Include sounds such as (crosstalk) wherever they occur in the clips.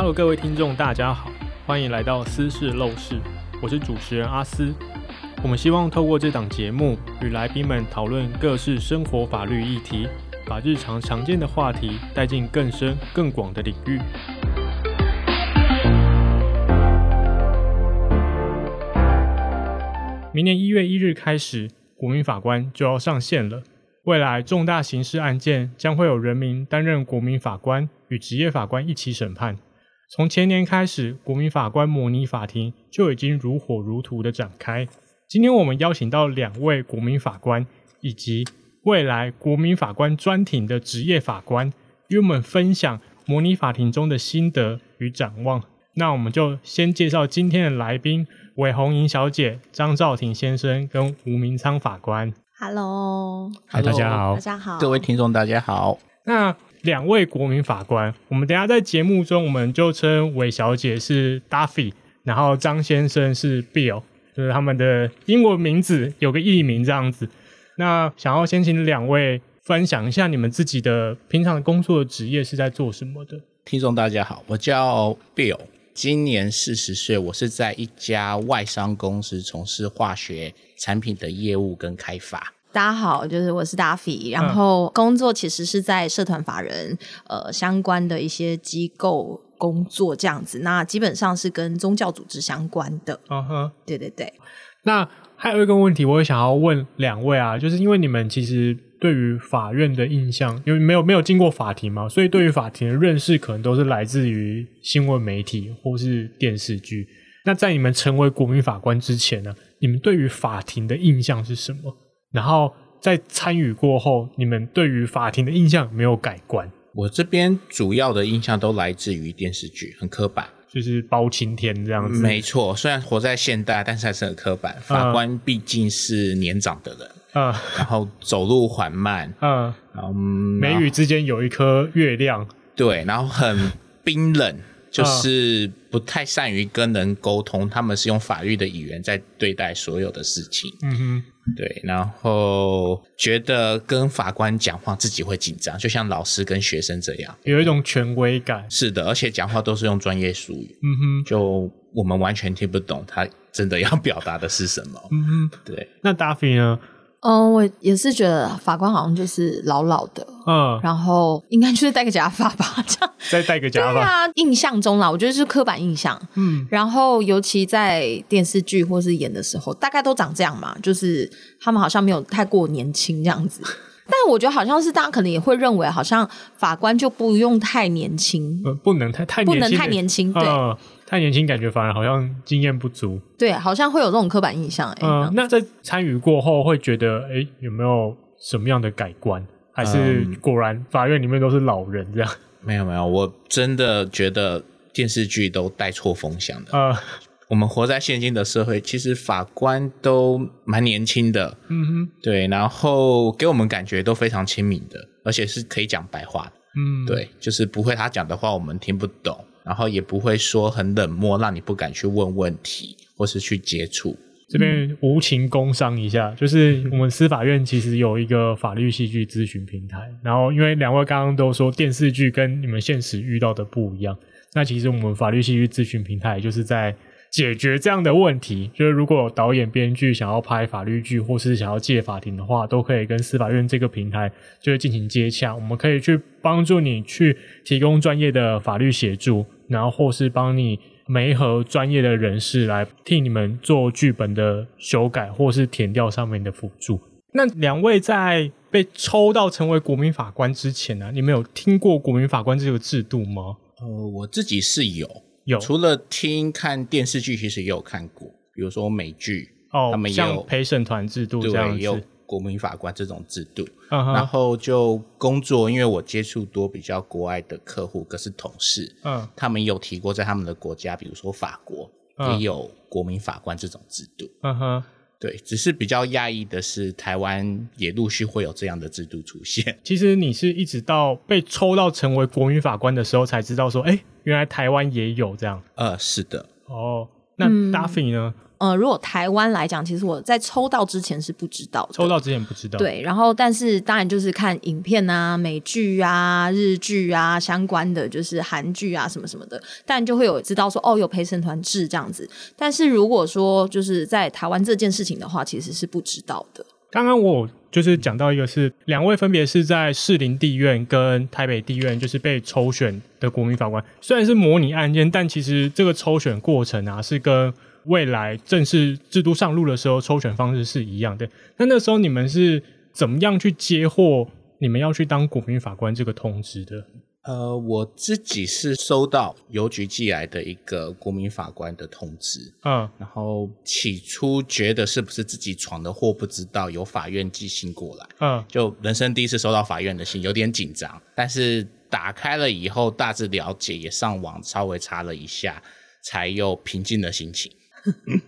Hello，各位聽眾，大家好，歡迎來到司事 Law 室，我是主持人阿思。我們希望透過這檔節目與來賓們討論各式生活法律議題，把日常常見的話題帶進更深更廣的領域。明年一月一日開始，國民法官就要上線了。未來重大刑事案件將會有人民擔任國民法官，與職業法官一起審判。從前年開始，國民法官模擬法庭就已經如火如荼的展開。今天我們邀請到兩位國民法官，以及未來國民法官專庭的職業法官，與我們分享模擬法庭中的心得與展望。那我們就先介紹今天的來賓：韋虹吟小姐、張肇庭先生跟吳明蒼法官。Hello，嗨，大家好，大家好，各位聽眾，大家好。那兩位國民法官，我們等一下在節目中，我們就稱韋小姐是 Duffy，然後張先生是 Bill，就是他們的英文名字，有個藝名這樣子。那想要先請兩位分享一下你們自己的平常的工作的職業是在做什麼的？聽眾大家好，我叫 Bill，今年40歲，我是在一家外商公司從事化學產品的業務跟開發。大家好，就是我是 Duffy 然後工作其實是在社團法人、嗯、呃相關的一些機構工作這樣子，那基本上是跟宗教組織相關的。嗯、啊、哼，對對對。那還有一個問題，我也想要問兩位啊，就是因為你們其實對於法院的印象，因為沒有沒有進過法庭嘛，所以對於法庭的認識可能都是來自於新聞媒體或是電視劇。那在你們成為國民法官之前呢，你們對於法庭的印象是什麼？然後在參與過後，你們對於法庭的印象沒有改觀？我這邊主要的印象都來自於電視劇，很刻板，就是包青天這樣子。嗯、沒錯，雖然活在現代，但是還是很刻板、嗯。法官畢竟是年長的人，嗯，然後走路緩慢，嗯，然後眉宇之間有一顆月亮，對，然後很冰冷、嗯，就是不太善於跟人溝通、嗯。他們是用法律的語言在對待所有的事情，嗯哼。對，然後覺得跟法官講話自己會緊張，就像老師跟學生這樣，有一種權威感。是的，而且講話都是用專業術語，嗯哼，就我們完全聽不懂他真的要表達的是什麼，嗯哼，對。那 Duffy 呢？嗯，我也是覺得法官好像就是老老的，嗯，然後應該就是戴個假髮吧，這樣再戴個假髮。他印象中啦，我覺得就是刻板印象，嗯，然後尤其在電視劇或是演的時候，大概都長這樣嘛，就是他們好像沒有太過年輕這樣子。嗯，但我覺得好像是大家可能也會認為，好像法官就不用太年輕，呃，不能太，太年輕，不能太年輕，對。嗯。太年輕，感覺反而好像經驗不足。對，好像會有這種刻板印象。哎、嗯，那在參與過後，會覺得哎、欸，有沒有什麼樣的改觀？還是果然法院裡面都是老人這樣？嗯、沒有沒有，我真的覺得電視劇都帶錯風向的。呃、嗯，我們活在現今的社會，其實法官都蠻年輕的。嗯哼，對，然後給我們感覺都非常親民的，而且是可以講白話的。嗯，對，就是不會他講的話，我們聽不懂。然後也不會說很冷漠，讓你不敢去問問題或是去接觸。這邊無情工商一下，就是我們司法院其實有一個法律戲劇諮詢平台。然後因為兩位剛剛都說電視劇跟你們現實遇到的不一樣，那其實我們法律戲劇諮詢平台就是在。解決這樣的問題，就是如果有導演、編劇想要拍法律劇，或是想要借法庭的話，都可以跟司法院這個平台就是進行接洽。我們可以去幫助你去提供專業的法律協助，然後或是幫你媒合專業的人士來替你們做劇本的修改，或是填掉上面的輔助。那兩位在被抽到成為國民法官之前呢、啊，你們有聽過國民法官這個制度嗎？呃，我自己是有。有，除了聽看電視劇，其實也有看過，比如說美劇，哦，他們有像陪審團制度，對，也有國民法官這種制度。然後就工作，因為我接觸多比較國外的客戶，可是同事，嗯，他們有提過，在他們的國家，比如說法國，嗯，也有國民法官這種制度。嗯嗯對，只是比較訝異的是，台灣也陸續會有這樣的制度出現。其實你是一直到被抽到成為國民法官的時候，才知道說，哎、欸，原來台灣也有這樣。呃，是的。哦，那 Duffy 呢？嗯呃，如果台灣來講，其實我在抽到之前是不知道的，抽到之前不知道。對，然後但是當然就是看影片啊、美劇啊、日劇啊相關的，就是韓劇啊什麼什麼的，但就會有知道說哦，有陪審團制這樣子。但是如果說就是在台灣這件事情的話，其實是不知道的。剛剛我就是講到一個是兩位分別是在士林地院跟台北地院，就是被抽選的國民法官，雖然是模擬案件，但其實這個抽選過程啊是跟未來正式制度上路的時候，抽選方式是一樣的。那那時候你們是怎麼樣去接獲你們要去當國民法官這個通知的？呃，我自己是收到郵局寄來的一個國民法官的通知。嗯，然後起初覺得是不是自己闖的禍，不知道有法院寄信過來。嗯，就人生第一次收到法院的信，有點緊張。但是打開了以後，大致了解，也上網稍微查了一下，才有平靜的心情。 (laughs)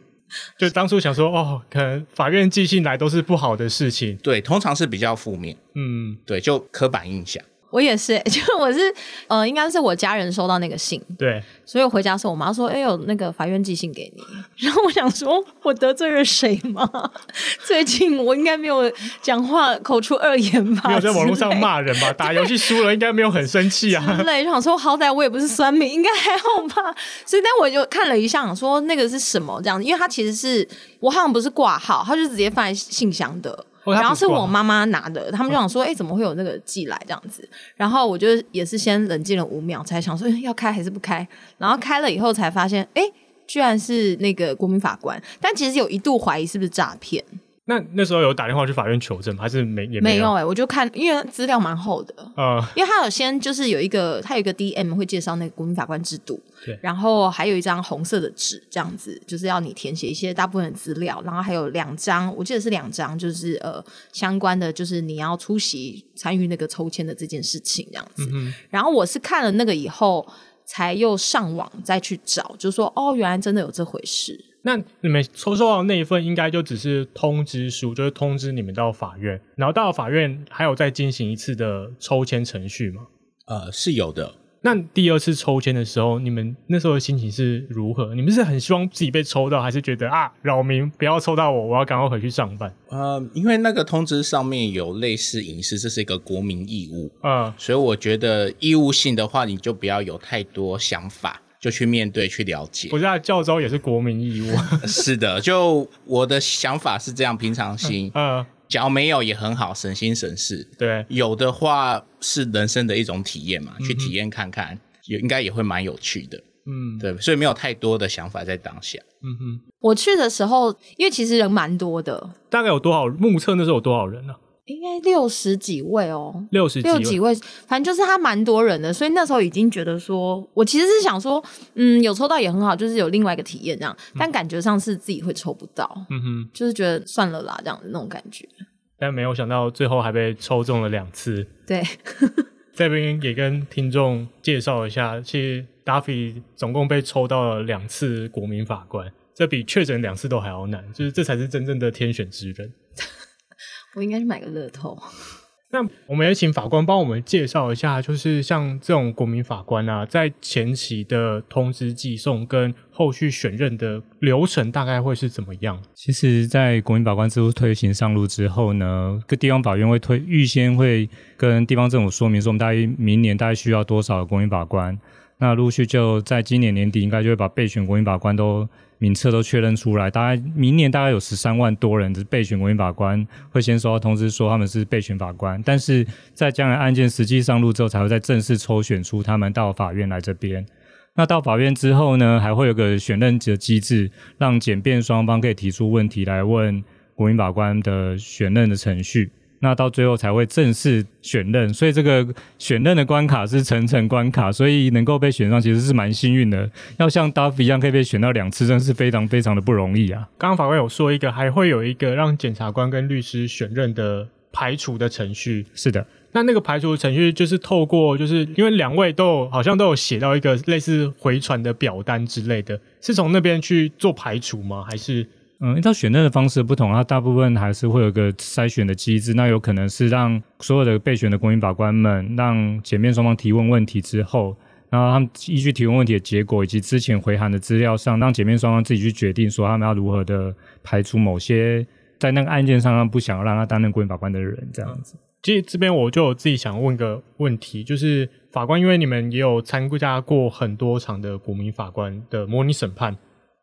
就當初想說，哦，可能法院寄信來都是不好的事情，對，通常是比較負面，嗯，對，就刻板印象。我也是，就是我是呃，應該是我家人收到那個信，對，所以我回家的時候，我媽說：“哎，欸，有那個法院寄信給你。”然後我想說，我得罪了誰嗎？最近我應該沒有講話口出惡言吧？沒有在網絡上罵人吧？打遊戲輸了應該沒有很生氣啊？對，就想說，好歹我也不是酸民，應該還好吧？所以，但我就看了一下，想說那個是什麼這樣子？因為他其實是我好像不是掛號，他就直接放在信箱的。然後是我媽媽拿的，他們就想說，哎、欸，怎麼會有那個寄來這樣子？然後我就也是先冷靜了五秒，才想說要開還是不開？然後開了以後才發現，哎、欸，居然是那個國民法官。但其實有一度懷疑是不是詐騙。那那時候有打電話去法院求證嗎？還是沒也沒有？沒有哎、欸，我就看，因為資料蠻厚的、呃。因為他有先就是有一個，他有一個 DM 會介紹那個國民法官制度。對。然後還有一張紅色的紙，這樣子，就是要你填寫一些大部分的資料，然後還有兩張，我記得是兩張，就是呃相關的，就是你要出席參與那個抽籤的這件事情這樣子、嗯。然後我是看了那個以後，才又上網再去找，就說哦，原來真的有這回事。那你們抽收到的那一份，應該就只是通知書，就是通知你們到法院，然後到了法院還有再進行一次的抽籤程序嗎？呃，是有的。那第二次抽籤的時候，你們那時候的心情是如何？你們是很希望自己被抽到，還是覺得啊，擾民，不要抽到我，我要趕快回去上班？呃，因為那個通知上面有類似隱私，這是一個國民義務。呃，所以我覺得義務性的話，你就不要有太多想法。就去面對，去了解。我覺得教召也是國民義務。 (laughs) 是的，就我的想法是這樣，平常心。嗯，只、啊、要沒有也很好，省心省事。對，有的話是人生的一種體驗嘛，嗯、去體驗看看，也應該也會蠻有趣的。嗯，對，所以沒有太多的想法在當下。嗯哼，我去的時候，因為其實人蠻多的，大概有多少？目測那時候有多少人呢、啊？應該六十幾位哦、喔，六十幾位，六幾位，反正就是他蠻多人的，所以那時候已經覺得說，我其實是想說，嗯，有抽到也很好，就是有另外一個體驗這樣，但感覺上是自己會抽不到，嗯哼，就是覺得算了啦這樣的那種感覺。但沒有想到最後還被抽中了兩次，對。 (laughs) 這邊也跟聽眾介紹一下，其實 Duffy 總共被抽到了兩次國民法官，這比確診兩次都還要難，就是這才是真正的天選之人。我應該去買個樂透。 (laughs) 那我們也請法官幫我們介紹一下，就是像這種國民法官啊，在前期的通知寄送跟後續選任的流程，大概會是怎麼樣？其實，在國民法官制度推行上路之後呢，各地方法院會推預先會跟地方政府說明，說我們大約明年大概需要多少的國民法官。那陸續就在今年年底，應該就會把備選國民法官都名冊都確認出來，大概明年大概有十三萬多人是備選國民法官，會先收到通知說他們是備選法官，但是在將來案件實際上路之後，才會再正式抽選出他們到法院來這邊。那到法院之後呢，還會有個選任的機制，讓檢辯雙方可以提出問題來問國民法官的選任的程序。那到最後才會正式選任，所以這個選任的關卡是層層關卡，所以能夠被選上其實是蠻幸運的。要像 Duffy 一樣可以被選到兩次，真是非常非常的不容易啊！剛剛法官有說一個，還會有一個讓檢察官跟律師選任的排除的程序。是的，那那個排除程序就是透過，就是因為兩位都有好像都有寫到一個類似回傳的表單之類的，是從那邊去做排除嗎？還是？嗯，依照選任的方式不同，它大部分還是會有個篩選的機制。那有可能是讓所有的備選的國民法官們，讓檢辯雙方提問問題之後，然後他們依據提問問題的結果以及之前回函的資料上，讓檢辯雙方自己去決定說他們要如何的排除某些在那個案件上，他不想要讓他擔任國民法官的人這樣子。嗯，其實這邊我就有自己想問個問題，就是法官，因為你們也有參加過很多場的國民法官的模擬審判，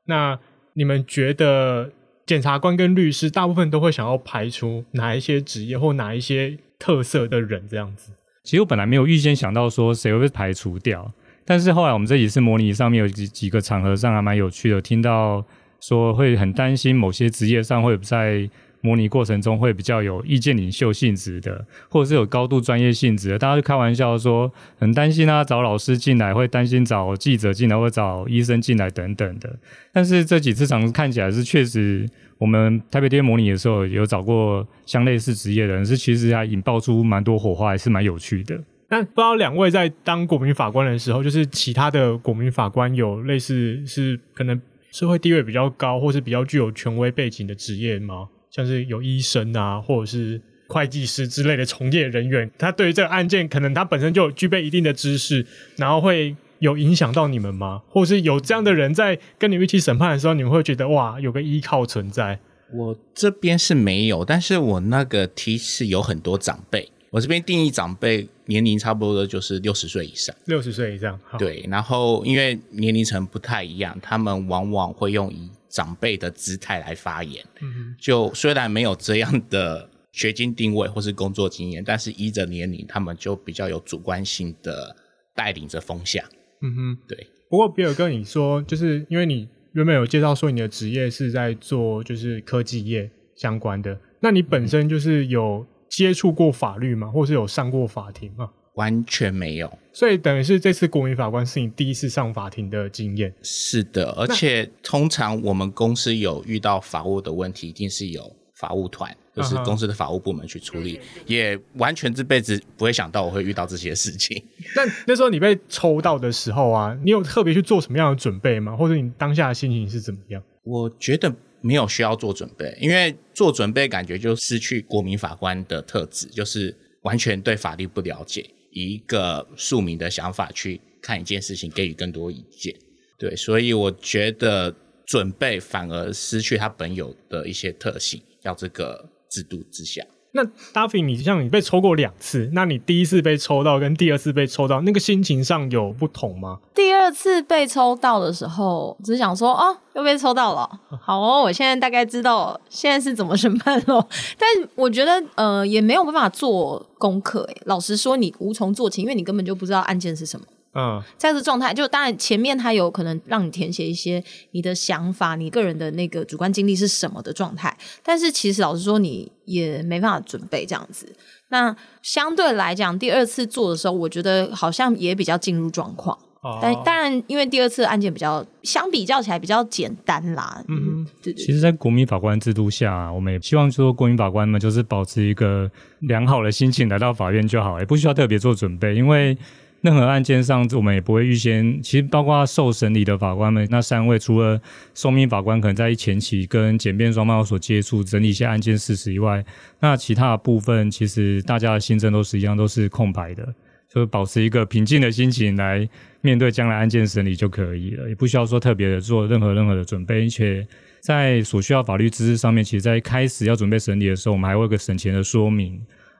那。你們覺得檢察官跟律師大部分都會想要排除哪一些職業或哪一些特色的人？這樣子，其實我本來沒有預先想到說誰會被排除掉，但是後來我們這幾次模擬上面有幾幾個場合上還蠻有趣的，聽到說會很擔心某些職業上會不在。模擬過程中會比較有意見領袖性質的，或者是有高度專業性質的，大家就開玩笑說很擔心他找老師進來會擔心，找記者進來會找醫生進來等等的。但是這幾次嘗試看起來是確實，我們臺北地院模擬的時候有找過相類似職業的人，是其實還引爆出蠻多火花，還是蠻有趣的。但不知道兩位在當國民法官的時候，就是其他的國民法官有類似是可能社會地位比較高，或是比較具有權威背景的職業嗎？像是有醫生啊，或者是會計師之類的從業人員，他對於這個案件，可能他本身就具備一定的知識，然後會有影響到你們嗎？或者是有這樣的人在跟你們一起審判的時候，你們會覺得哇，有個依靠存在？我這邊是沒有，但是我那個庭是有很多長輩。我這邊定義長輩年齡差不多的就是六十歲以上，六十歲以上。對，然後因為年齡層不太一樣，他們往往會用一。長輩的姿態來發言，嗯哼，就雖然沒有這樣的學經定位或是工作經驗，但是依着年齡，他們就比較有主觀性的帶領着風向，嗯哼，對。不過比爾哥，你說，就是因為你原本有介紹說你的職業是在做就是科技業相關的，那你本身就是有接觸過法律嗎？或是有上過法庭嗎？完全沒有，所以等於是這次國民法官是你第一次上法庭的經驗。是的，而且通常我們公司有遇到法務的問題，一定是由法務團，就是公司的法務部門去處理。呵呵，也完全這輩子不會想到我會遇到這些事情。 (laughs) 但那時候你被抽到的時候啊，你有特別去做什麼樣的準備嗎？或者你當下的心情是怎麼樣？我覺得沒有需要做準備，因為做準備感覺就失去國民法官的特質，就是完全對法律不了解。以一個庶民的想法去看一件事情，給予更多意見。對，所以我覺得準備反而失去他本有的一些特性，要這個制度之下。那 Duffy 你就你像你被抽過兩次，那你第一次被抽到跟第二次被抽到，那個心情上有不同嗎？第二次被抽到的時候，只是想說哦，又被抽到了，好，哦，我現在大概知道現在是怎麼審判了。但我覺得呃，也沒有辦法做功課誒、欸，老實說，你無從做起，因為你根本就不知道案件是什麼。嗯，這樣子狀態就當然前面他有可能讓你填寫一些你的想法、你個人的那個主觀經歷是什麼的狀態，但是其實老實說你也沒辦法準備這樣子。那相對來講，第二次做的時候，我覺得好像也比較進入狀況，哦。但但當然因為第二次案件比較相比較起來比較簡單啦。嗯對對對，其實，在國民法官制度下，啊，我們也希望說國民法官們就是保持一個良好的心情來到法院就好，欸，也不需要特別做準備，因為。任何案件上，我們也不會預先。其實，包括受審理的法官們，那三位除了受命法官可能在前期跟檢辯雙方所接觸，整理一些案件事實以外，那其他的部分其實大家的心證都是一樣，都是空白的，就是保持一個平靜的心情來面對將來案件審理就可以了，也不需要說特別的做任何任何的準備。而且在所需要法律知識上面，其實，在開始要準備審理的時候，我們還會有一個審前的說明，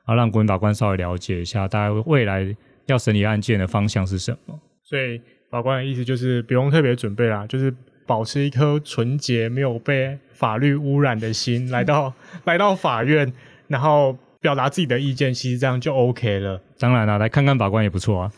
然、啊、後讓國民法官稍微了解一下，大概未來。要審理案件的方向是什麼？所以法官的意思就是不用特別準備啦，就是保持一顆純潔、沒有被法律污染的心 (laughs) 來到來到法院，然後表達自己的意見，其實這樣就 OK 了。當然啦，來看看法官也不錯啊。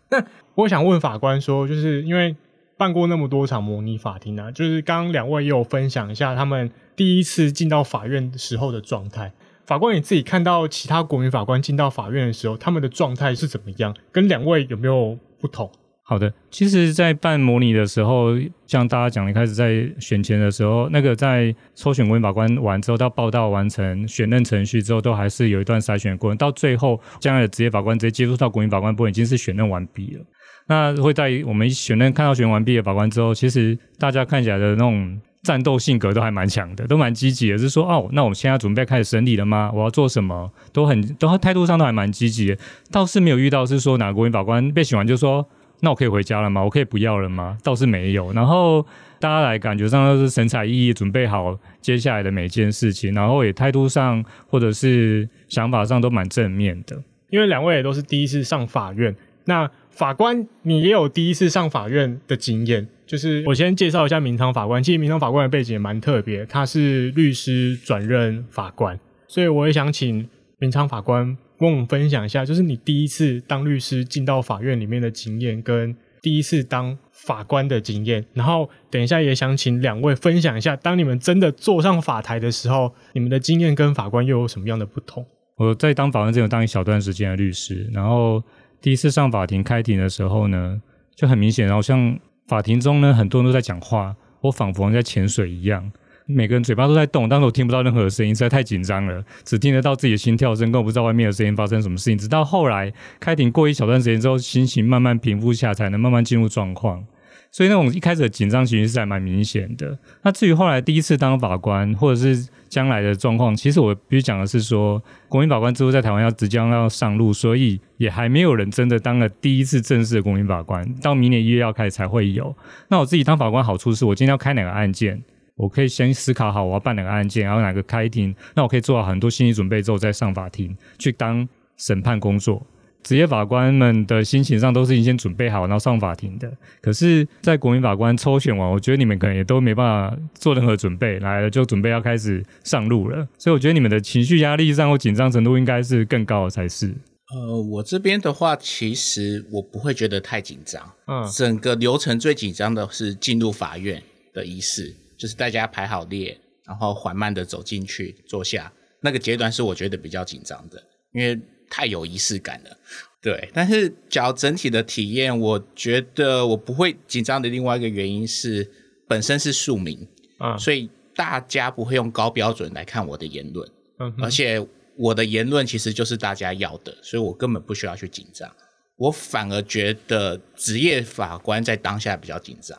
(laughs) 那我想問法官說，就是因為辦過那麼多場模擬法庭啊，就是剛兩位也有分享一下他們第一次進到法院時候的狀態。法官，你自己看到其他國民法官進到法院的時候，他們的狀態是怎麼樣？跟兩位有沒有不同？好的，其實，在辦模擬的時候，像大家講，一開始在選前的時候，那個在抽選國民法官完之後，到報到完成選任程序之後，都還是有一段篩選的過程。到最後，將來的職業法官直接接觸到國民法官，不過已經是選任完畢了。那會在我們一選任看到選任完畢的法官之後，其實大家看起來的那種。戰鬥性格都還蠻強的，都蠻積極的，就是說哦，那我們現在準備開始審理了嗎？我要做什麼？都很都態度上都還蠻積極，倒是沒有遇到是說哪個國民法官被選完，就說，那我可以回家了嗎？我可以不要了嗎？倒是沒有。然後大家來感覺上都是神采奕奕，準備好接下來的每件事情，然後也態度上或者是想法上都蠻正面的，因為兩位也都是第一次上法院，那。法官，你也有第一次上法院的經驗，就是我先介紹一下明蒼法官。其實明蒼法官的背景也蠻特別，他是律師轉任法官，所以我也想請明蒼法官跟我們分享一下，就是你第一次當律師進到法院裡面的經驗，跟第一次當法官的經驗。然後等一下也想請兩位分享一下，當你們真的坐上法台的時候，你們的經驗跟法官又有什麼樣的不同？我在當法官之前有當一小段時間的律師，然後。第一次上法庭開庭的時候呢，就很明顯。然後像法庭中呢，很多人都在講話，我仿佛像在潛水一樣，每個人嘴巴都在動。當時我聽不到任何的聲音，實在太緊張了，只聽得到自己的心跳聲，更不知道外面的聲音發生什麼事情。直到後來開庭過一小段時間之後，心情慢慢平復下，才能慢慢進入狀況。所以那種一開始的緊張情緒是還蠻明顯的。那至於後來第一次當法官，或者是將來的狀況，其實我必須講的是說，國民法官之後在台灣要即將要上路，所以也還沒有人真的當了第一次正式的國民法官。到明年一月要開始才會有。那我自己當法官好處是，我今天要開哪個案件，我可以先思考好我要辦哪個案件，然後哪個開庭，那我可以做好很多心理準備之後再上法庭去當審判工作。職業法官們的心情上都是已經先準備好，然後上法庭的。可是，在國民法官抽選完，我覺得你們可能也都沒辦法做任何準備，來了就準備要開始上路了。所以，我覺得你們的情緒壓力上或緊張程度應該是更高的才是。呃，我這邊的話，其實我不會覺得太緊張。嗯，整個流程最緊張的是進入法院的儀式，就是大家排好列，然後緩慢的走進去坐下。那個階段是我覺得比較緊張的，因為，太有儀式感了，對。但是，講整體的體驗，我覺得我不會緊張的。另外一個原因是，本身是庶民，啊、嗯，所以大家不會用高標準來看我的言論，嗯。而且我的言論其實就是大家要的，所以我根本不需要去緊張。我反而覺得職業法官在當下比較緊張，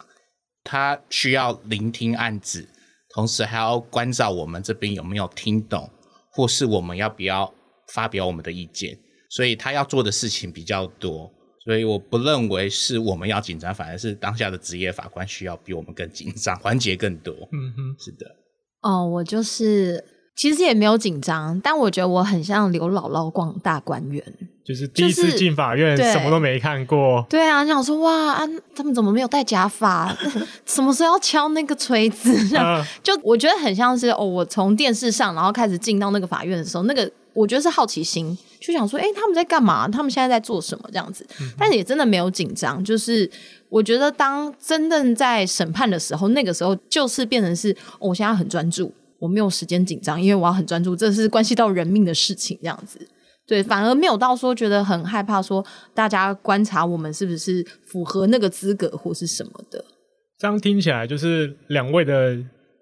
他需要聆聽案子，同時還要關照我們這邊有沒有聽懂，或是我們要不要發表我們的意見，所以他要做的事情比較多，所以我不認為是我們要緊張，反而是當下的職業法官需要比我們更緊張，環節更多。嗯哼，是的。哦，我就是其實也沒有緊張，但我覺得我很像劉姥姥逛大觀園，就是第一次進法院，就是，什麼都沒看過。對，對啊，你想說哇，啊，他們怎麼沒有戴假髮？ (laughs) 什麼時候要敲那個錘子，啊？就我覺得很像是哦，我從電視上然後開始進到那個法院的時候，那個。我覺得是好奇心，就想說，欸，他們在幹嘛？他們現在在做什麼？這樣子，但是也真的沒有緊張。就是我覺得，當真正在審判的時候，那個時候就是變成是，哦，我現在很專注，我沒有時間緊張，因為我要很專注，這是關係到人命的事情。這樣子，對，反而沒有到說覺得很害怕，說大家觀察我們是不是符合那個資格或是什麼的。這樣聽起來就是兩位的，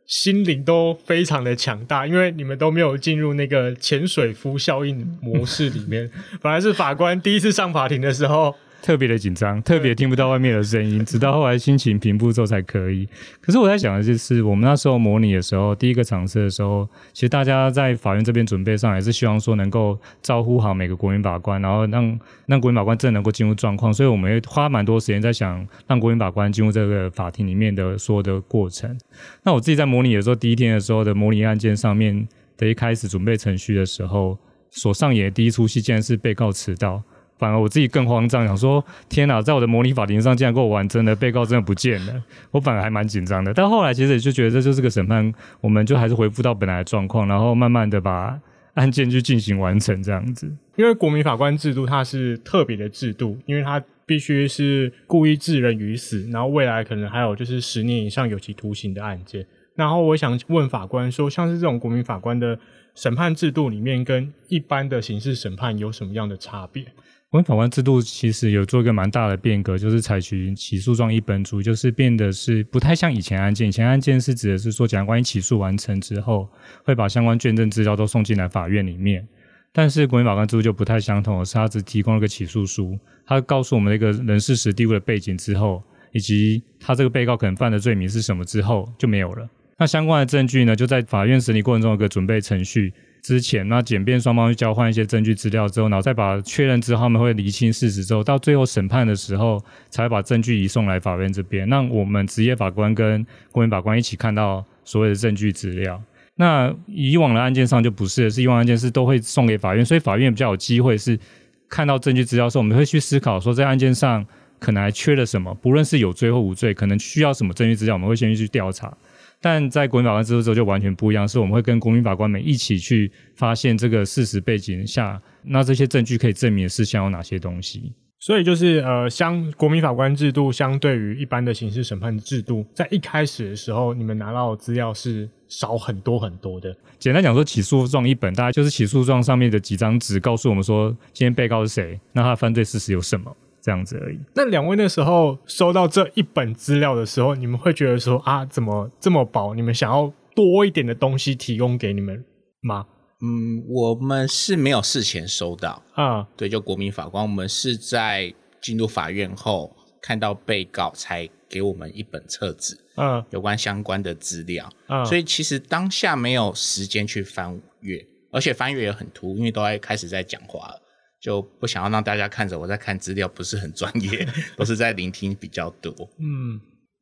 心靈都非常的強大，因為你們都沒有進入那個潛水夫效應模式裡面。 (laughs) 本來是法官第一次上法庭的時候。特別的緊張，特別聽不到外面的聲音，直到後來心情平復之後才可以。可是我在想的就是，我們那時候模擬的時候，第一個嘗試的時候，其實大家在法院這邊準備上也是希望說能夠招呼好每個國民法官，然後讓讓國民法官真的能夠進入狀況。所以我們也花蠻多時間在想讓國民法官進入這個法庭裡面的所有的過程。那我自己在模擬的時候，第一天的時候的模擬案件上面的一開始準備程序的時候，所上演的第一出戲竟然是被告遲到。反而我自己更慌張，想說天哪，在我的模擬法庭上竟然跟我玩真的，被告真的不見了，我反而還蠻緊張的。但後來其實也就覺得這就是個審判，我們就還是恢復到本來的狀況，然後慢慢的把案件去進行完成這樣子。因為國民法官制度它是特別的制度，因為它必須是故意致人於死，然後未來可能還有就是十年以上有期徒刑的案件。然後我想問法官說，像是這種國民法官的審判制度裡面，跟一般的刑事審判有什麼樣的差別？國民法官制度其實有做一個蠻大的變革，就是採取起訴狀一本主，就是變得是不太像以前案件。以前案件是指的是說，檢察官一起訴完成之後會把相關卷證資料都送進來法院裡面。但是國民法官制度就不太相同，是他只提供了個起訴書，他告訴我們那個人事實地位的背景之後，以及他這個被告可能犯的罪名是什麼之後就沒有了。那相關的證據呢，就在法院審理過程中有一個準備程序。之前那檢辯雙方去交換一些證據資料之後，然後再把確認之後他們會釐清事實之後，到最後審判的時候才把證據移送來法院這邊。那我們職業法官跟公民法官一起看到所有的證據資料。那以往的案件上就不是的，是以往案件是都會送給法院，所以法院也比較有機會是看到證據資料的時候，我們會去思考說在案件上可能還缺了什麼，不論是有罪或無罪，可能需要什麼證據資料，我們會先去調查。但在國民法官制度之後就完全不一樣，是我們會跟國民法官們一起去發現這個事實背景下，那這些證據可以證明的事項有哪些東西。所以就是呃，相國民法官制度相對於一般的刑事審判制度，在一開始的時候，你們拿到的資料是少很多很多的。簡單講說，起訴狀一本，大概就是起訴狀上面的幾張紙，告訴我們說今天被告是誰，那他的犯罪事實有什麼。這樣子而已。那兩位那時候收到這一本資料的時候，你們會覺得說啊，怎麼這麼薄？你們想要多一點的東西提供給你們嗎？嗯，我們是沒有事前收到啊、嗯。對，就國民法官，我們是在進入法院後看到被告才給我們一本冊子，嗯，有關相關的資料，嗯，所以其實當下沒有時間去翻閱，而且翻閱也很突，因為都在開始在講話了。就不想要讓大家看着我在看資料，不是很專業，都是在聆聽比較多。 (laughs) 嗯，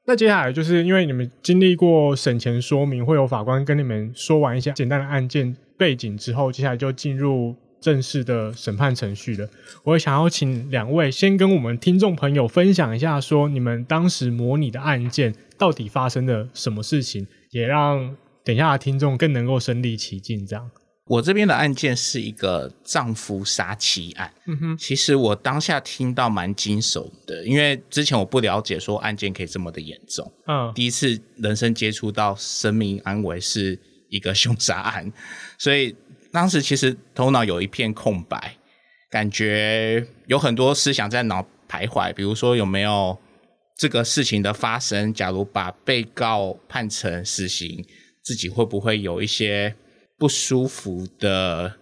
那接下來就是因為你們經歷過審前說明，會有法官跟你們說完一些簡單的案件背景之後，接下來就進入正式的審判程序了。我也想要請兩位先跟我們聽眾朋友分享一下，說你們當時模擬的案件到底發生了什麼事情，也讓等一下的聽眾更能夠身臨其境，這樣。我這邊的案件是一個丈夫殺妻案。嗯哼，其實我當下聽到蠻驚悚的，因為之前我不了解說案件可以這麼的嚴重。嗯、哦，第一次人生接觸到生命安危是一個兇殺案，所以當時其實頭腦有一片空白，感覺有很多思想在腦徘徊。比如說有沒有這個事情的發生？假如把被告判成死刑，自己會不會有一些？不舒服的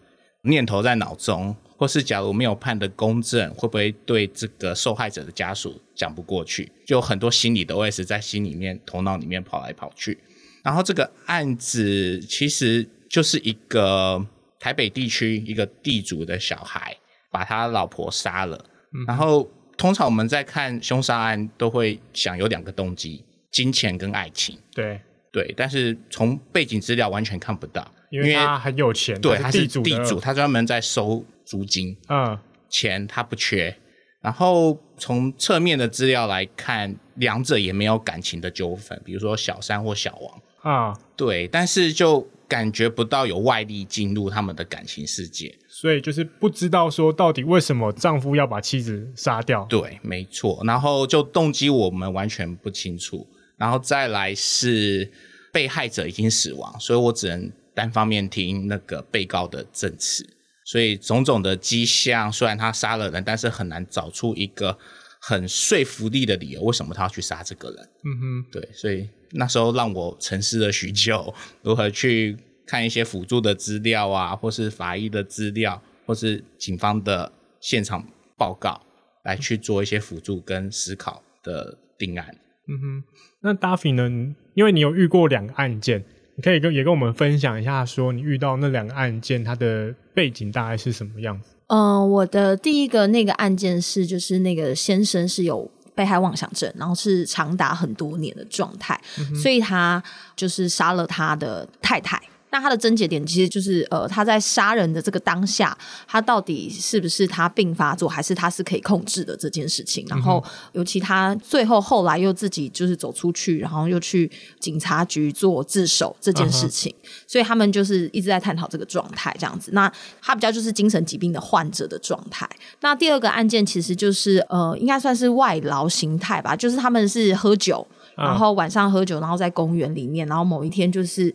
念頭在腦中，或是假如沒有判的公正，會不會對這個受害者的家屬講不過去？就很多心理的 OS 在心裡面、頭腦裡面跑來跑去。然後這個案子其實就是一個台北地區一個地主的小孩把他老婆殺了。嗯。然後通常我們在看兇殺案都會想有兩個動機：金錢跟愛情。對。對，但是從背景資料完全看不到，因為，他，因為他很有錢，對，他是地主，他專門在收租金，嗯，錢他不缺。然後從側面的資料來看，兩者也沒有感情的糾紛，比如說小三或小王啊，嗯，對，但是就感覺不到有外力進入他們的感情世界，所以就是不知道說到底為什麼丈夫要把妻子殺掉。對，沒錯，然後就動機我們完全不清楚。然後再來是被害者已經死亡，所以我只能單方面聽那個被告的證詞。所以種種的跡象，雖然他殺了人，但是很難找出一個很說服力的理由，為什麼他要去殺這個人。嗯哼，對。所以那時候讓我沉思了許久，如何去看一些輔助的資料啊，或是法醫的資料，或是警方的現場報告，來去做一些輔助跟思考的定案。嗯哼。那 Duffy 呢？因為你有遇過兩個案件，你可以跟也跟我們分享一下，說你遇到那兩個案件，它的背景大概是什麼樣子？嗯、呃，我的第一個那個案件是，就是那個先生是有被害妄想症，然後是長達很多年的狀態，嗯，所以他就是殺了他的太太。那他的症結點其實就是，呃，他在殺人的這個當下，他到底是不是他病發作，還是他是可以控制的這件事情？然後尤其他最後後來又自己就是走出去，然後又去警察局做自首這件事情，Uh-huh. 所以他們就是一直在探討這個狀態這樣子。那他比較就是精神疾病的患者的狀態。那第二個案件其實就是，呃，應該算是外勞形態吧，就是他們是喝酒，然後晚上喝酒，然後在公園裡面，然後某一天就是。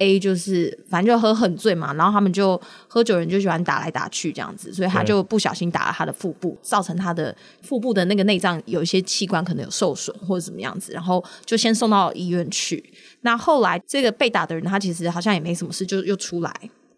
A 就是反正就喝很醉嘛，然後他們就喝酒人就喜歡打來打去這樣子，所以他就不小心打了他的腹部，造成他的腹部的那個內臟有一些器官可能有受損或者怎麼樣子，然後就先送到醫院去。那後來這個被打的人他其實好像也沒什麼事，就又出來，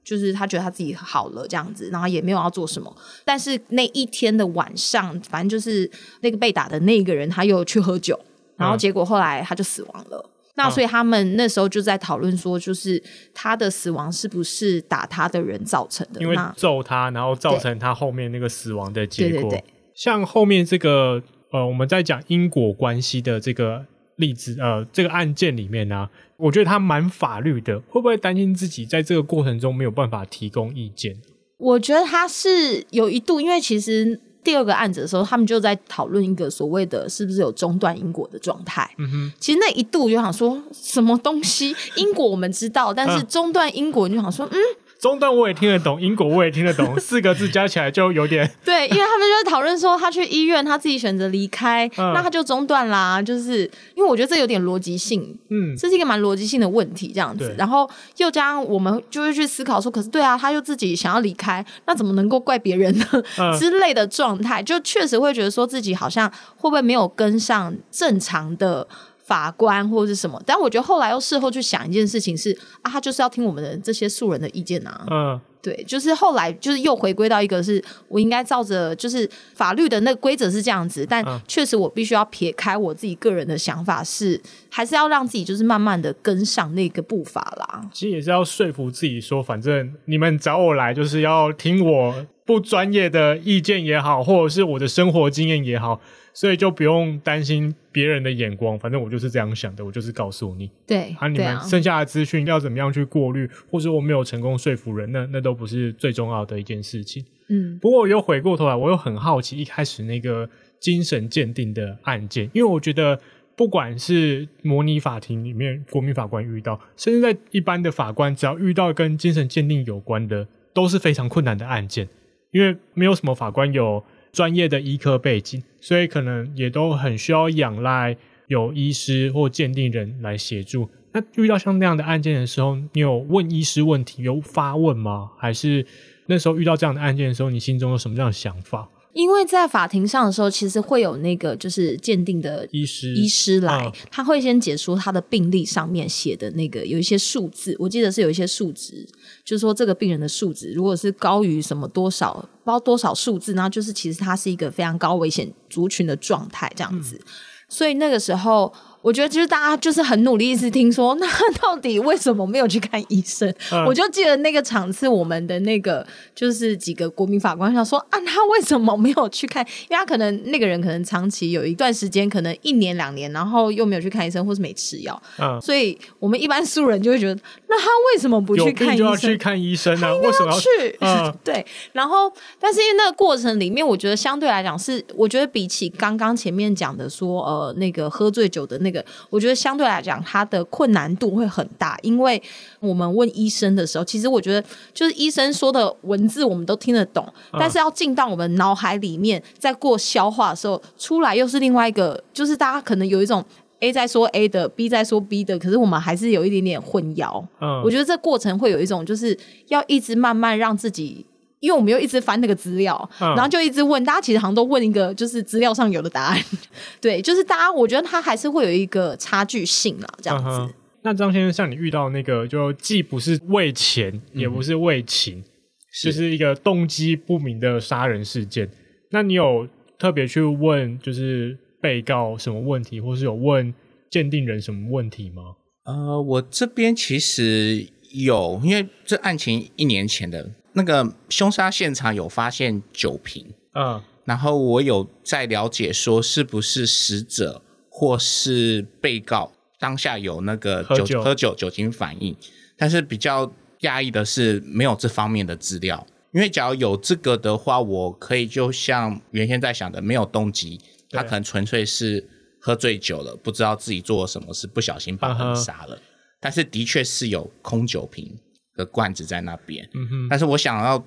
就是他覺得他自己好了這樣子，然後也沒有要做什麼。但是那一天的晚上，反正就是那個被打的那個人他又去喝酒，然後結果後來他就死亡了。那所以他們那時候就在討論說，就是他的死亡是不是打他的人造成的？因為揍他，然後造成他後面那個死亡的結果。對對對對，像後面這個呃，我們在講因果關係的這個例子呃，這個案件裡面呢、啊，我覺得他蠻法律的，會不會擔心自己在這個過程中沒有辦法提供意見？我覺得他是有一度，因為其實。第二個案子的時候，他們就在討論一個所謂的“是不是有中斷因果”的狀態。嗯哼。其實那一度我就想說，什麼東西因果 (laughs) 我們知道，但是中斷因果你就想說，嗯。中斷我也聽得懂，因果我也聽得懂， (laughs) 四個字加起來就有點。對，因為他們就在討論說，他去醫院，他自己選擇離開、嗯，那他就中斷啦、啊。就是因為我覺得這有點邏輯性，嗯，這是一個蠻邏輯性的問題，這樣子。然後又加上我們就會去思考說，可是對啊，他又自己想要離開，那怎麼能夠怪別人呢、嗯？之類的狀態，就確實會覺得說自己好像會不會沒有跟上正常的。法官或者是什麼？但我覺得後來又事後去想一件事情是啊，他就是要聽我們的這些素人的意見啊。嗯，對，就是後來就是又回歸到一個是我應該照着就是法律的那個規則是這樣子，但確實我必須要撇開我自己個人的想法是，是、嗯、還是要讓自己就是慢慢的跟上那個步伐啦。其實也是要說服自己說，反正你們找我來就是要聽我不專業的意見也好，或者是我的生活經驗也好。所以就不用擔心別人的眼光，反正我就是這樣想的，我就是告訴你。對，啊，你們剩下的資訊要怎麼樣去過濾，啊、或者我沒有成功說服人呢，那那都不是最重要的一件事情。嗯，不過我又回過頭來，我又很好奇一開始那個精神鑑定的案件，因為我覺得不管是模擬法庭裡面，國民法官遇到，甚至在一般的法官，只要遇到跟精神鑑定有關的，都是非常困難的案件，因為沒有什麼法官有。專業的醫科背景，所以可能也都很需要仰賴有醫師或鑑定人來協助。那遇到像那樣的案件的時候，你有問醫師問題，有發問嗎？還是那時候遇到這樣的案件的時候，你心中有什麼這樣的想法？因為在法庭上的時候，其實會有那個就是鑑定的醫師醫師來、啊，他會先解說他的病歷上面寫的那個有一些數字，我記得是有一些數值，就是說這個病人的數值如果是高於什麼多少，包多少數字，那就是其實他是一個非常高危險族群的狀態這樣子，嗯、所以那個時候。我覺得就是大家就是很努力，一直聽說，那到底為什麼沒有去看醫生？嗯、我就記得那個場次，我們的那個就是幾個國民法官想說啊，他為什麼沒有去看？因為他可能那個人可能長期有一段時間，可能一年兩年，然後又沒有去看醫生，或是沒吃藥。嗯，所以我們一般素人就會覺得，那他為什麼不去看醫生？就要去看醫生、啊、為什麼要去？嗯、 (laughs) 對。然後，但是因為那個過程裡面，我覺得相對來講是，我覺得比起剛剛前面講的說，呃，那個喝醉酒的那個。這個，我覺得相對來講，它的困難度會很大，因為我們問醫生的時候，其實我覺得就是醫生說的文字，我們都聽得懂，但是要進到我們腦海裡面再、uh. 過消化的時候，出來又是另外一個，就是大家可能有一種 A 在說 A 的，B 在說 B 的，可是我們還是有一點點混淆。嗯、uh.，我覺得這過程會有一種，就是要一直慢慢讓自己。因為我們又一直翻那個資料，嗯、然後就一直問大家，其實好像都問一個，就是資料上有的答案。對，就是大家，我覺得他還是會有一個差距性啊，這樣子。Uh-huh. 那張先生，像你遇到那個，就既不是為錢、嗯，也不是為情是，就是一個動機不明的殺人事件。那你有特別去問，就是被告什麼問題，或是有問鑑定人什麼問題嗎？呃，我這邊其實有，因為這案情一年前的。那個凶殺現場有發現酒瓶，嗯，然後我有在了解說是不是死者或是被告當下有那個酒喝酒,喝酒酒精反應，但是比較訝異的是沒有這方面的資料，因為假如有這個的話，我可以就像原先在想的，沒有動機、啊，他可能純粹是喝醉酒了，不知道自己做了什麼事，不小心把他們殺了、啊。但是的確是有空酒瓶。個罐子在那邊、嗯，但是我想要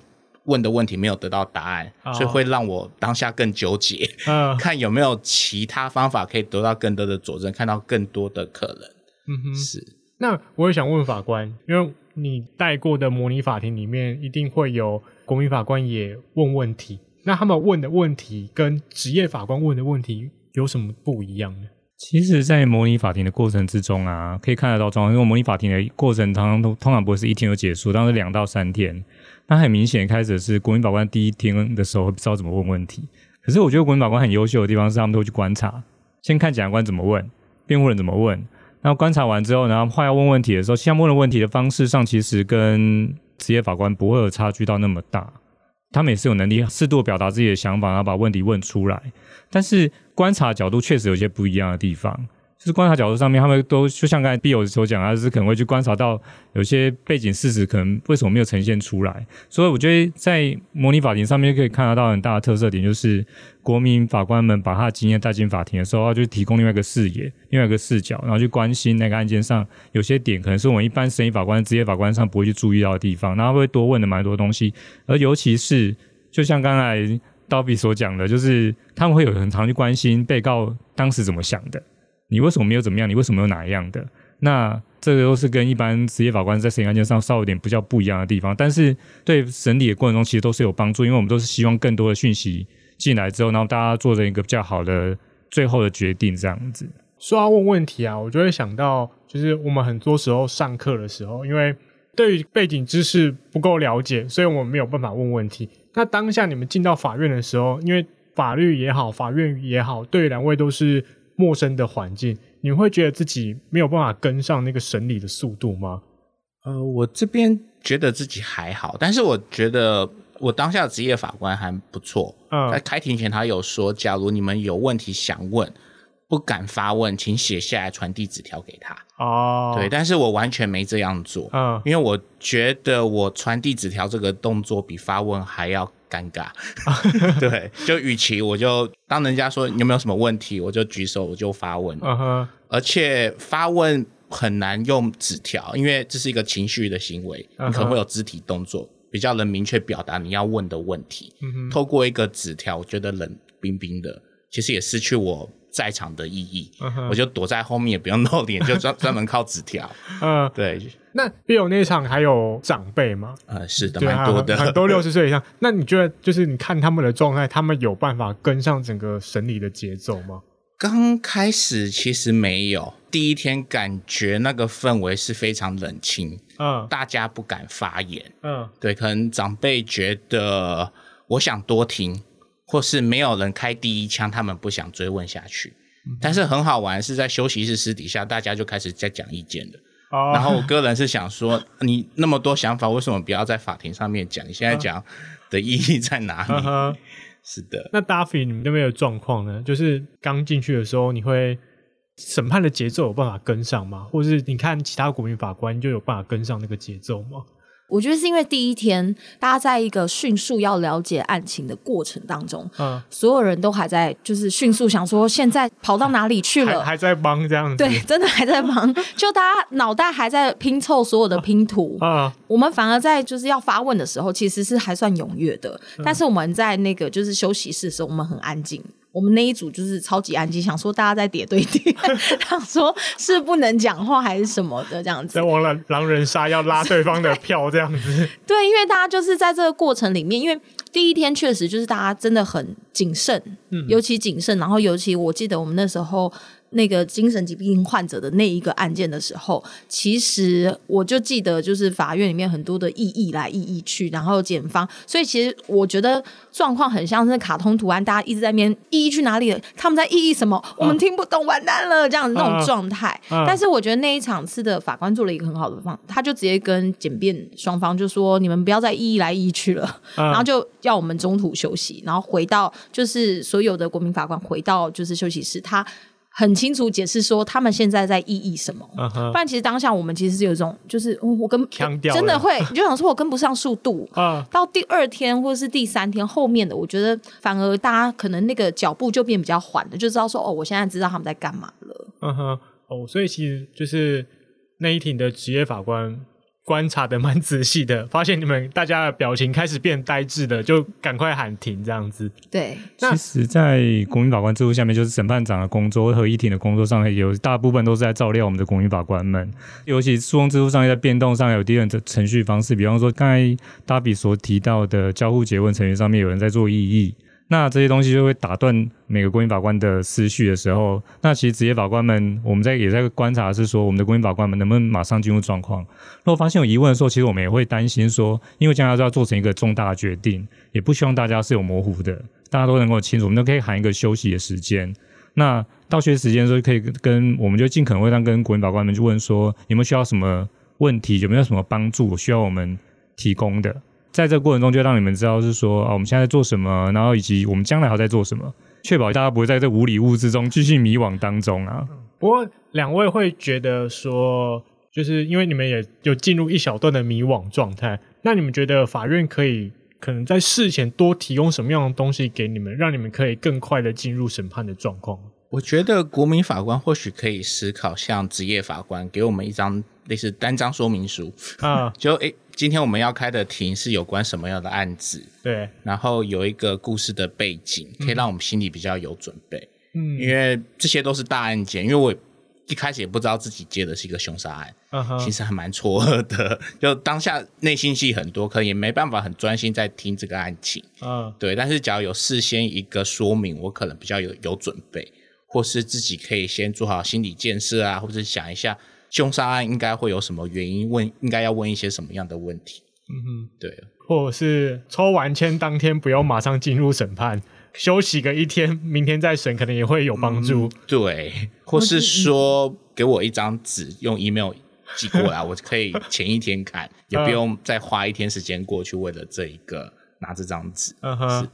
問的問題沒有得到答案，哦、所以會讓我當下更糾結。嗯、哦， (laughs) 看有沒有其他方法可以得到更多的佐證，看到更多的可能。嗯哼，是。那我也想問法官，因為你帶過的模擬法庭裡面，一定會有國民法官也問問題，那他們問的問題跟職業法官問的問題有什麼不一樣呢？其實，在模擬法庭的過程之中啊，可以看得到，因為模擬法庭的過程通常通常不會是一天就結束，但是兩到三天。那很明顯，開始是國民法官第一天的時候，不知道怎麼問問題。可是，我覺得國民法官很優秀的地方是，他們都會去觀察，先看檢察官怎麼問，辯護人怎麼問。那觀察完之後，然後快要問問題的時候，現在問的問題的方式上，其實跟職業法官不會有差距到那麼大。他們也是有能力適度表達自己的想法，然後把問題問出來，但是觀察角度確實有些不一樣的地方。就是觀察角度上面，他們都就像剛才 B 友所講，他是可能會去觀察到有些背景事實可能為什麼沒有呈現出來。所以我覺得在模擬法庭上面就可以看得到，到很大的特色點，就是國民法官們把他的經驗帶進法庭的時候，他就提供另外一個視野、另外一個視角，然後去關心那個案件上有些點可能是我們一般審意法官、職業法官上不會去注意到的地方，然後會多問的蠻多東西。而尤其是就像剛才 Dobby 所講的，就是他們會有很常去關心被告當時怎麼想的。你為什麼沒有怎麼樣？你為什麼有哪一樣的？那這個都是跟一般職業法官在審理案件上稍微有點比較不一樣的地方。但是對審理的過程中，其實都是有幫助，因為我們都是希望更多的訊息進來之後，然後大家做成一個比較好的最後的決定這樣子。說到問問題啊，我就會想到，就是我們很多時候上課的時候，因為對於背景知識不夠了解，所以我們沒有辦法問問題。那當下你們進到法院的時候，因為法律也好，法院也好，對兩位都是。陌生的環境，你會覺得自己沒有辦法跟上那個審理的速度嗎？呃，我這邊覺得自己還好，但是我覺得我當下的職業法官還不錯。嗯，在開庭前，他有說，假如你們有問題想問，不敢發問，請寫下來，傳遞紙條給他。哦，對，但是我完全沒這樣做。嗯，因為我覺得我傳遞紙條這個動作比發問還要。尷尬， (laughs) 對，就與其我就當人家說你有沒有什麼問題，我就舉手我就發問，uh -huh. 而且發問很難用紙條，因為這是一個情緒的行為，uh -huh. 你可能會有肢體動作，比較能明確表達你要問的問題。Uh -huh. 透過一個紙條，我覺得冷冰冰的，其實也失去我。在場的意義，uh -huh. 我就躲在後面，也不用露臉，就專專門靠紙條。嗯、 (laughs) uh,，對。那 Bill 那場還有長輩嗎？呃，是的，蠻多的，很多六十歲以上。那你覺得，就是你看他們的狀態，他們有辦法跟上整個審理的節奏嗎？剛開始其實沒有，第一天感覺那個氛圍是非常冷清。嗯、uh,，大家不敢發言。嗯、uh,，對，可能長輩覺得，我想多聽。或是沒有人開第一槍，他們不想追問下去。但是很好玩，是在休息室私底下，大家就開始在講意見了、嗯。然後我個人是想說，你那麼多想法，為什麼不要在法庭上面講？你現在講的意義在哪裡？嗯、是的。那 d a 你們 i n 那邊的狀況呢？就是剛進去的時候，你會審判的節奏有辦法跟上嗎？或是你看其他國民法官你就有辦法跟上那個節奏嗎？我覺得是因為第一天，大家在一個迅速要了解案情的過程當中，嗯，所有人都還在就是迅速想說現在跑到哪裡去了，還，還在忙這樣子，對，真的還在忙， (laughs) 就大家腦袋還在拼湊所有的拼圖嗯、啊啊、我們反而在就是要發問的時候，其實是還算踴躍的、嗯，但是我們在那個就是休息室的時候，我們很安靜。我們那一組就是超級安靜，想說大家在疊堆疊， (laughs) 想說是不能講話還是什麼的這樣子。在玩狼人殺要拉對方的票的這樣子。對，因為大家就是在這個過程裡面，因為第一天確實就是大家真的很謹慎，嗯、尤其謹慎。然後尤其我記得我們那時候。那個精神疾病患者的那一個案件的時候，其實我就記得，就是法院裡面很多的異議來異議去，然後檢方，所以其實我覺得狀況很像是卡通圖案，大家一直在那邊異議，去哪裡了？他們在異議什麼、啊，我們聽不懂，完蛋了這樣子那種狀態、啊啊啊。但是我覺得那一場次的法官做了一個很好的方法，他就直接跟檢辯雙方就說：“你們不要再異議來異議去了。啊”然後就要我們中途休息，然後回到就是所有的國民法官回到就是休息室，他。很清楚解釋說他們現在在異議什麼，uh -huh. 不然其實當下我們其實是有一種，就是、嗯、我跟我真的會你就想說我跟不上速度，uh -huh. 到第二天或是第三天後面的，我覺得反而大家可能那個腳步就變比較緩了，就知道說哦，我現在知道他們在幹嘛了。嗯哼，哦，所以其實就是那一庭的職業法官。觀察得蠻仔細的，發現你們大家的表情開始變呆滯了，就趕快喊停這樣子。對，那其實，在國民法官制度下面，就是審判長的工作和議庭的工作上，有大部分都是在照料我們的國民法官們。尤其訴訟制度上，在變動上有一定的程序方式，比方說剛才 Duffy 所提到的交互詰問程序上面，有人在做異議。那這些東西就會打斷每個國民法官的思緒的時候，那其實職業法官們，我們在也在觀察，是說我們的國民法官們能不能馬上進入狀況。如果發現有疑問的時候，其實我們也會擔心說，因為將來要做成一個重大決定，也不希望大家是有模糊的，大家都能夠清楚。我們都可以喊一個休息的時間，那到休息時間的時候，可以跟我們就盡可能會讓跟國民法官們去問說，有沒有需要什麼問題，有沒有什麼幫助需要我們提供的。在這過程中，就讓你們知道是說啊、哦，我們現在在做什麼，然後以及我們將來還要在做什麼，確保大家不會在這五里霧之中繼續迷惘當中啊。嗯、不過兩位會覺得說，就是因為你們也有進入一小段的迷惘狀態，那你們覺得法院可以可能在事前多提供什麼樣的東西給你們，讓你們可以更快地進入審判的狀況？我覺得國民法官或許可以思考，像職業法官給我們一張。類似單張說明書啊，Uh-huh. 就誒、欸、今天我們要開的庭是有關什麼樣的案子？對，然後有一個故事的背景、嗯，可以讓我們心裡比較有準備。嗯，因為這些都是大案件，因為我一開始也不知道自己接的是一個兇殺案，嗯哼，其實還蠻錯愕的，就當下內心戲很多，可能也沒辦法很專心在聽這個案情。嗯、Uh-huh.，對，但是只要有事先一個說明，我可能比較有有準備，或是自己可以先做好心理建設啊，或者是想一下。兇殺案應該會有什麼原因？問應該要問一些什麼樣的問題？嗯哼，對，或者是抽完簽當天不要馬上進入審判，嗯、休息個一天，明天再審可能也會有幫助。嗯、對，或是說給我一張紙，用 email 寄過來，我可以前一天看， (laughs) 也不用再花一天時間過去為了這一個拿這張紙。嗯哼，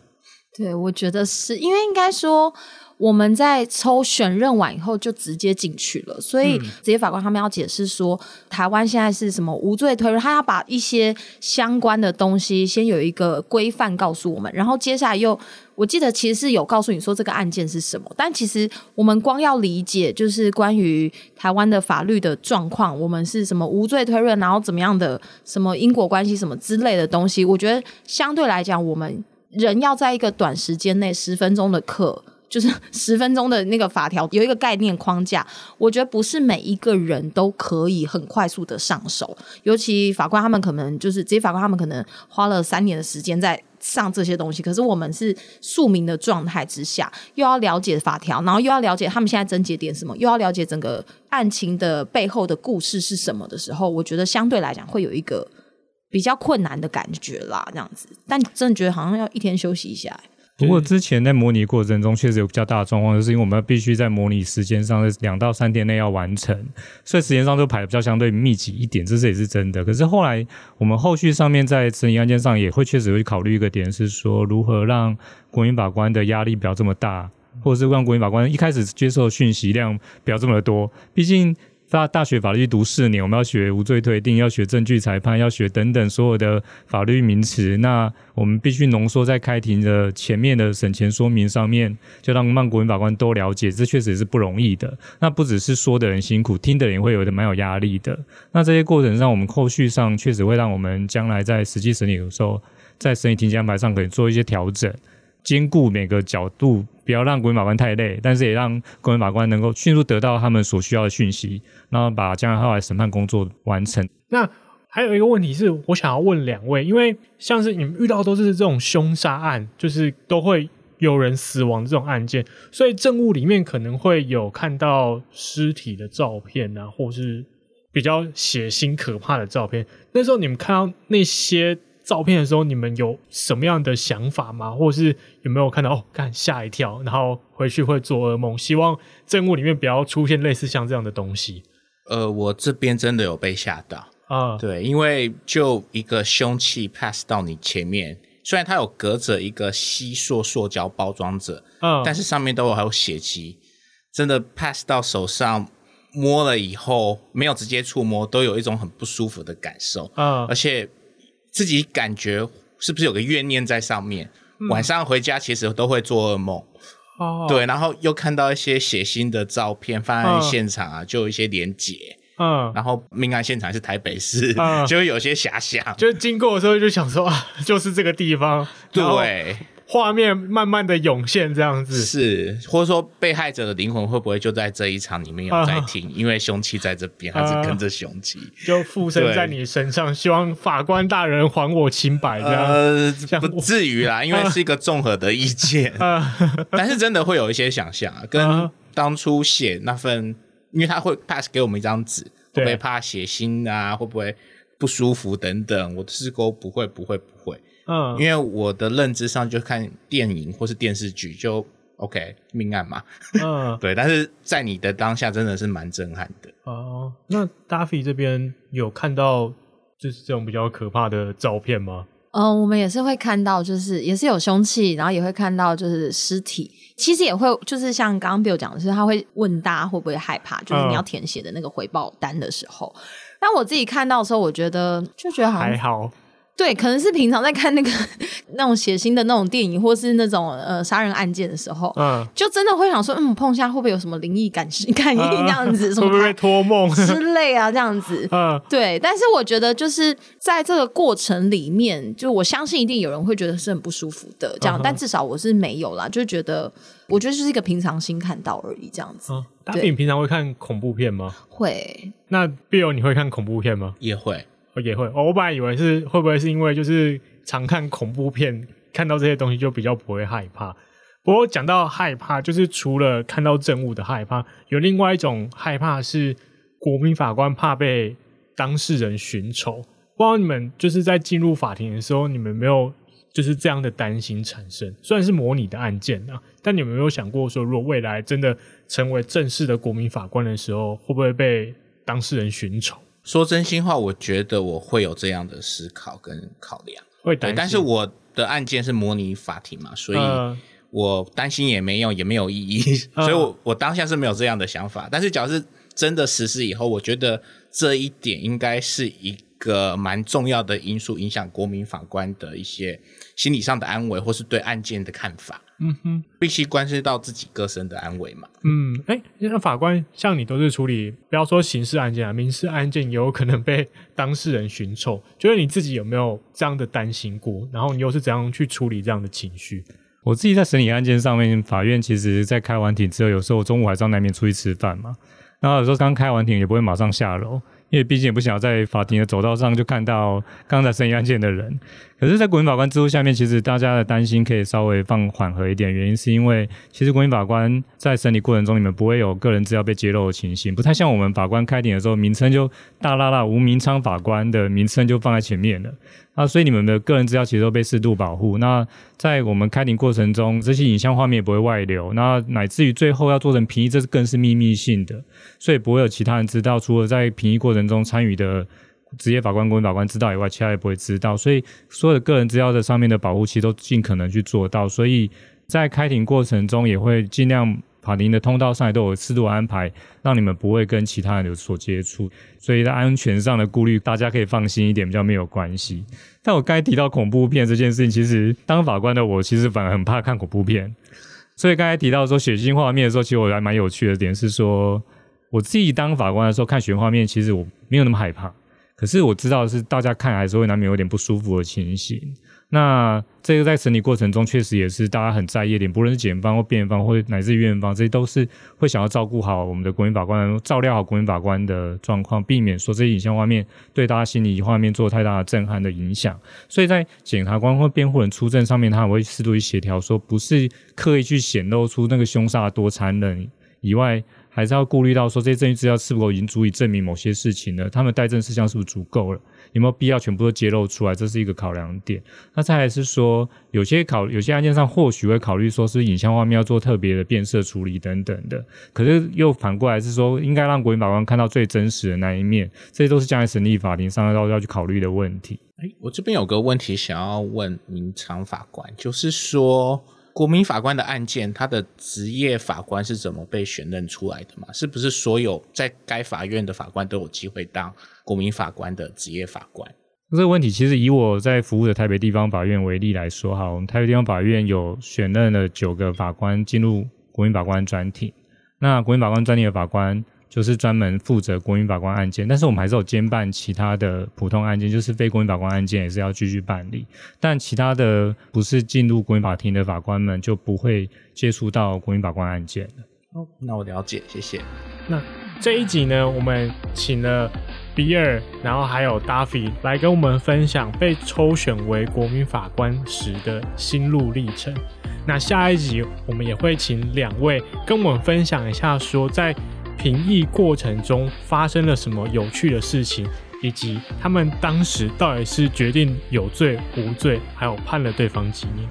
對，我覺得是因為應該說。我們在抽選認完以後就直接進去了，所以職業法官他們要解釋說，台灣現在是什麼無罪推論，他要把一些相關的東西先有一個規範告訴我們，然後接下來又我記得其實是有告訴你說這個案件是什麼，但其實我們光要理解就是關於台灣的法律的狀況，我們是什麼無罪推論，然後怎麼樣的什麼因果關係什麼之類的東西，我覺得相對來講，我們人要在一個短時間內十分鐘的課。就是十分鐘的那個法條有一個概念框架，我覺得不是每一個人都可以很快速的上手。尤其法官他們可能就是這些法官，他們可能花了三年的時間在上這些東西。可是我們是庶民的狀態之下，又要了解法條，然後又要了解他們現在症結點什麼，又要了解整個案情的背後的故事是什麼的時候，我覺得相對來講會有一個比較困難的感覺啦，這樣子。但真的覺得好像要一天休息一下。不過之前在模擬過程中，確實有比較大的狀況，就是因為我們要必須在模擬時間上在兩到三天內要完成，所以時間上就排得比較相對密集一點，這是也是真的。可是後來我們後續上面在審理案件上也會確實會考慮一個點，是說如何讓國民法官的壓力不要這麼大，或者是讓國民法官一開始接受訊息量不要這麼多，畢竟。大大學法律讀四年，我們要學無罪推定，要學證據裁判，要學等等所有的法律名詞。那我們必須濃縮在開庭的前面的審前說明上面，就讓曼國民法官都了解，這確實是不容易的。那不只是說的人辛苦，聽的人也會有的蠻有壓力的。那這些過程上，我們後續上確實會讓我們將來在實際審理的時候，在審理庭前安排上可能做一些調整。兼顧每個角度，不要讓國民法官太累，但是也讓國民法官能夠迅速得到他們所需要的訊息，然後把接下來審判工作完成。那還有一個問題是我想要問兩位，因為像是你們遇到的都是這種兇殺案，就是都會有人死亡這種案件，所以證物裡面可能會有看到屍體的照片啊，或是比較血腥可怕的照片。那時候你們看到那些照片的時候，你們有什麼樣的想法嗎？或是有沒有看到哦？看嚇一跳，然後回去會做噩夢。希望證物裡面不要出現類似像這樣的東西。呃，我這邊真的有被嚇到啊，嗯，對，因為就一個兇器 pass 到你前面，雖然它有隔着一個吸塑塑膠包裝著，嗯，但是上面都有還有血跡，真的 pass 到手上摸了以後，沒有直接觸摸，都有一種很不舒服的感受，嗯，而且。自己感覺是不是有個怨念在上面？嗯、晚上回家其實都會做噩夢，哦，對，然後又看到一些血腥的照片，放在現場啊，嗯、就有一些連結，嗯，然後命案現場是台北市，嗯、就有些遐想，就經過的時候就想說啊，就是這個地方，對。畫面慢慢的湧現，這樣子是，或者說被害者的靈魂會不會就在這一場裡面有在聽？Uh, 因為凶器在這邊，他是跟着凶器，uh, 就附身在你身上，希望法官大人還我清白這樣。呃、uh,，不至於啦，因為是一個綜合的意見，uh, 但是真的會有一些想象、啊，uh, 跟當初寫那份，因為他會 pass 給我們一張紙，會不會怕血腥啊？會不會不舒服等等？我試過，不,不,不會，不會，不會。嗯，因為我的認知上就看電影或是電視劇就 OK，命案嘛。嗯， (laughs) 對，但是在你的當下真的是蠻震撼的。哦、嗯，那 Duffy 這邊有看到就是這種比較可怕的照片嗎？嗯，我們也是會看到，就是也是有兇器，然後也會看到就是屍體。其實也會就是像剛剛 Bill 講的，是他會問大家會不會害怕，就是你要填寫的那個回報單的時候。嗯、但我自己看到的時候，我覺得就覺得好像還好。對，可能是平常在看那個那種血腥的那種電影，或是那種呃殺人案件的時候，嗯，就真的會想說，嗯，碰一下會不會有什麼靈異感、呃、感應這樣子，會不會托夢之類啊？這樣子，嗯，對。但是我覺得，就是在這個過程裡面，就我相信一定有人會覺得是很不舒服的。這樣、嗯，但至少我是沒有啦，就覺得我覺得就是一個平常心看到而已。這樣子，打、嗯、比平常會看恐怖片嗎？會。那 B 友你會看恐怖片嗎？也會。也會、哦我本來以為是會不會是因為就是常看恐怖片，看到這些東西就比較不會害怕。不過講到害怕，就是除了看到證物的害怕，有另外一種害怕是國民法官怕被當事人尋仇。不知道你們就是在進入法庭的時候，你們有沒有就是這樣的擔心產生？雖然是模擬的案件啊，但你們有沒有想過說，如果未來真的成為正式的國民法官的時候，會不會被當事人尋仇？說真心話，我覺得我會有這樣的思考跟考量，會擔心對。但是我的案件是模擬法庭嘛，所以我擔心也沒用，也沒有意義。呃、所以我，我我當下是沒有這樣的想法。但是，假如是真的實施以後，我覺得這一點應該是一個蠻重要的因素，影響國民法官的一些心理上的安慰，或是對案件的看法。嗯哼，必須關心到自己個身的安危嘛。嗯，哎、欸，那法官像你都是處理，不要說刑事案件啊，民事案件也有可能被當事人尋仇，就是你自己有沒有這樣的擔心過？然後你又是怎樣去處理這樣的情緒？我自己在審理案件上面，法院其實，在開完庭之後，有時候中午還是要難免出去吃飯嘛。然那有時候剛開完庭也不會馬上下樓，因為畢竟也不想在法庭的走道上就看到剛才在審理案件的人，可是，在國民法官制度下面，其實大家的擔心可以稍微放緩和一點。原因是因為，其實國民法官在審理過程中，你們不會有個人資料被揭露的情形，不太像我們法官開庭的時候，名稱就大喇喇吳明蒼法官的名稱就放在前面了。啊，所以你們的個人資料其實都被適度保護。那在我們開庭過程中，這些影像畫面也不會外流。那乃至於最後要做成評議，這是更是秘密性的，所以不會有其他人知道。除了在評議過程中參與的職業法官、國民法官知道以外，其他也不會知道。所以所有的個人資料的上面的保護，其實都儘可能去做到。所以在開庭過程中也會儘量。法庭的通道上也都有適度安排，讓你們不會跟其他人有所接觸，所以在安全上的顧慮大家可以放心一點，比較沒有關係。但我剛才提到恐怖片這件事情，其實當法官的我其實反而很怕看恐怖片，所以剛才提到說血腥畫面的時候，其實我還蠻有趣的點是說，我自己當法官的時候看血腥畫面，其實我沒有那麼害怕，可是我知道的是大家看還是會難免有點不舒服的情形。那這個在審理過程中，確實也是大家很在意的點，不論是檢方或辯方或乃至於院方，這些都是會想要照顧好我們的國民法官，照料好國民法官的狀況，避免說這些影像畫面對大家心理畫面做太大的震撼的影響。所以在檢察官或辯護人出證上面，他也會適度去協調，說不是刻意去顯露出那個兇殺多殘忍以外，還是要顧慮到說這些證據資料是否已經足以證明某些事情了，他們待證事項是不是足夠了。有沒有必要全部都揭露出來？這是一個考量點。那再來是說，有些考有些案件上或許會考慮說是影像畫面要做特別的變色處理等等的，可是又反過來是說，應該讓國民法官看到最真實的那一面。這些都是將來審理法庭上要要去考慮的問題。欸，我這邊有個問題想要問明蒼法官，就是說。國民法官的案件，他的職業法官是怎麼被選任出來的嘛？是不是所有在該法院的法官都有機會當國民法官的職業法官？那這個問題，其實以我在服務的臺北地方法院為例來說，哈，我們台北地方法院有選任了九個法官進入國民法官專庭，那國民法官專庭的法官。就是專門負責國民法官案件，但是我們還是有兼辦其他的普通案件，就是非國民法官案件也是要繼續辦理。但其他的不是進入國民法庭的法官們就不會接觸到國民法官案件了。好、哦，那我了解，謝謝。那這一集呢，我們請了 Bill，然後還有 Duffy 來跟我們分享被抽選為國民法官時的心路歷程。那下一集我們也會請兩位跟我們分享一下，說在。評議過程中發生了什麼有趣的事情，以及他們當時到底是決定有罪無罪，還有判了對方幾年。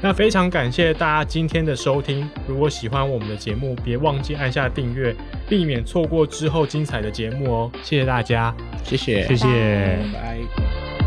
那非常感謝大家今天的收聽。如果喜歡我們的節目，別忘記按下訂閱，避免錯過之後精彩的節目哦。謝謝大家，謝謝，謝謝，Bye. Bye.